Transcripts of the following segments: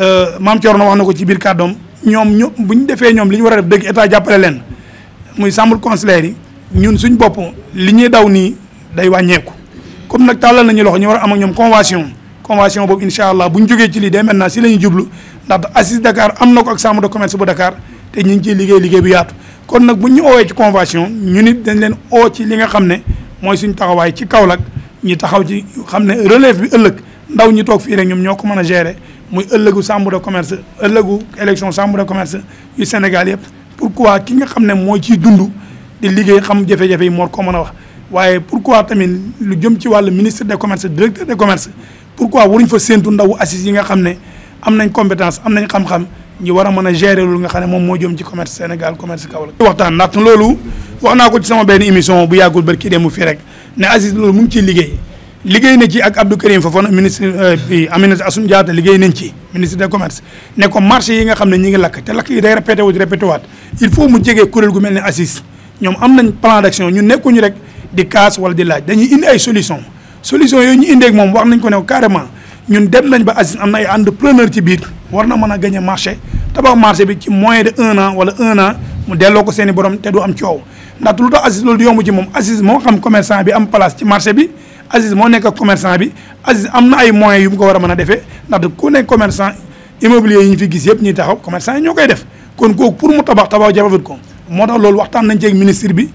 Euh, maam Thierno wax na ko ci biir kàddoom ñoom ñu bu ñu defee ñoom li ñu war a def dëgg état jàppale leen muy chambre consulaire yi ñun suñ bopp li ñuy daw nii day wàññeeku comme nag tàllal nañu loxo ñu war a ñoom convention convention boobu incha allah bu ñu jógee ci lii dès maintenant si la ñuy jublu ndax na ko ak chambre de commerce te ñu liggéey liggéey bu yaatu kon nag bu ñu oowee ci convention ñu nit dañ leen oo ci li nga xam ne mooy suñ taxawaay ci Kaolack ñu taxaw ci xam ne relève bi ëllëg ndaw ñi toog fii rek ñoom ñoo ko mën a gérer moy ëllëgu chambre de commerce ëllëgu élection chambre de commerce yu Sénégal yëpp pourquoi ki nga xam ne moo ciy dund di liggéey xam jafe-jafe yi moo ko mën a wax waaye pourquoi tamit lu jëm ci wàllu ministre de commerce directeur de commerce pourquoi waruñ fa séentu ndawu assise yi nga xam ne am nañ compétence am nañ xam-xam ñu war a mën a gérer lu nga xam ne moom moo jëm ci commerce Sénégal commerce Kaolack waxtaan ndax loolu wax naa ko ci sama benn émission bu yàggul barki demu fii rek ne assise loolu mu ngi ciy liggéey liggéey na ci ak Abdou Karim Fofana ministre euh, bi Aminata Assome Diatta liggéey nañ ci ministre de commerce ne ko marché yi nga xam ne ñi ngi lakk te lakk yi day répété wu répété waat il faut mu jege kuréel gu mel ne assise ñoom am nañ plan d'action ñu nekkuñu rek di kaas wala di laaj dañuy indi ay solution solution yooyu ñu indeek moom wax nañ ko ne carrément ñun dem nañ ba assise am na entrepreneur ci biir war na mën a gagné marché tabax marché bi ci moyen de un wala un an mu delloo ko seen i borom te du am coow ndax lu tax assise loolu yomb bi am place ci marché bi Aziz moo nekk commerçant bi Aziz am na ay moyens yu mu ko war a mën a defee ndax ku nekk commerçant immobilier yi ñu fi gis yëpp ñuy taxaw commerçant yi ñoo koy def kon kooku pour mu tabax tabax jafewut ko moo tax loolu waxtaan nañ ci ak ministre bi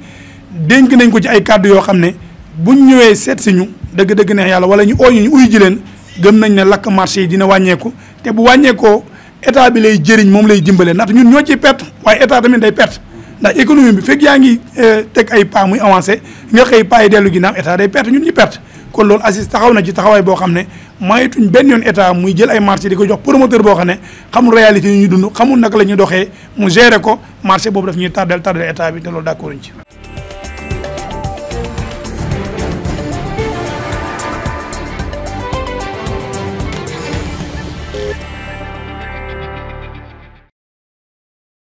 dénk nañ ko ci ay kàddu yoo xam ne bu buñ ñëwee seet si ñu dëgg-dëgg neex yàlla wala ñu oo ñu uyu ji leen gëm nañ ne lakk marché yi dina wàññeeku te bu wàññeekoo état bi lay jëriñ moom lay dimbale ndax ñun ñoo ciy perte waaye état tamit day ndax économie bi fekk yaa ngi euh, teg ay pas muy avancé nga xëy pa yi dellu ginnaaw état day perte ñun ñu perte kon loolu ACIS taxaw na ci taxawaay boo xam ne mayituñ benn yoon état muy jël ay marché di ko jox promoteur boo xam ne xamul réalité yi ñu dund xamul naka la ñuy doxee mu gérer ko marché boobu daf ñuy tardel tardel état bi te loolu d'accorduñ ci